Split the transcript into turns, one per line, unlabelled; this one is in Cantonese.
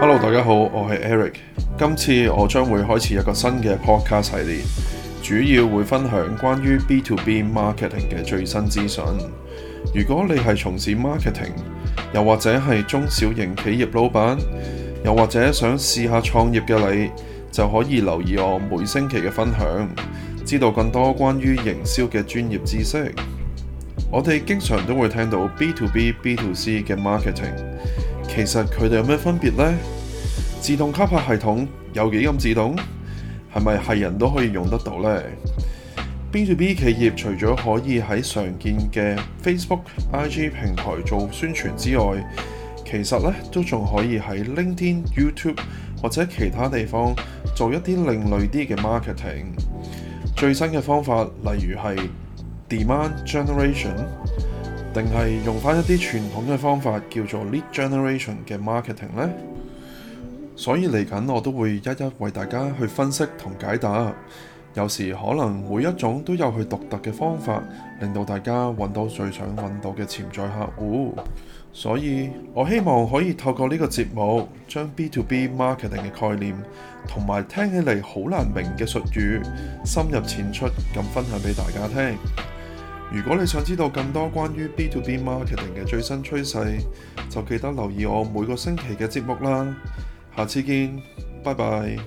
Hello，大家好，我係 Eric。今次我將會開始一個新嘅 Podcast 系列，主要會分享關於 B to B Marketing 嘅最新資訊。如果你係從事 Marketing，又或者係中小型企業老闆，又或者想試下創業嘅你，就可以留意我每星期嘅分享，知道更多關於營銷嘅專業知識。我哋經常都會聽到 B to B、B to C 嘅 marketing，其實佢哋有咩分別呢？自動吸客系統有幾咁自動？係咪係人都可以用得到呢？B to B 企業除咗可以喺常見嘅 Facebook、IG 平台做宣傳之外，其實咧都仲可以喺 LinkedIn、YouTube 或者其他地方做一啲另類啲嘅 marketing。最新嘅方法，例如係 demand generation 定係用返一啲傳統嘅方法叫做 lead generation 嘅 marketing 呢？所以嚟緊我都會一一為大家去分析同解答。有時可能每一種都有佢獨特嘅方法，令到大家揾到最想揾到嘅潛在客戶。所以我希望可以透過呢個節目，將 B to B marketing 嘅概念同埋聽起嚟好難明嘅術語，深入淺出咁分享俾大家聽。如果你想知道更多關於 B to B marketing 嘅最新趨勢，就記得留意我每個星期嘅節目啦。下次見，拜拜。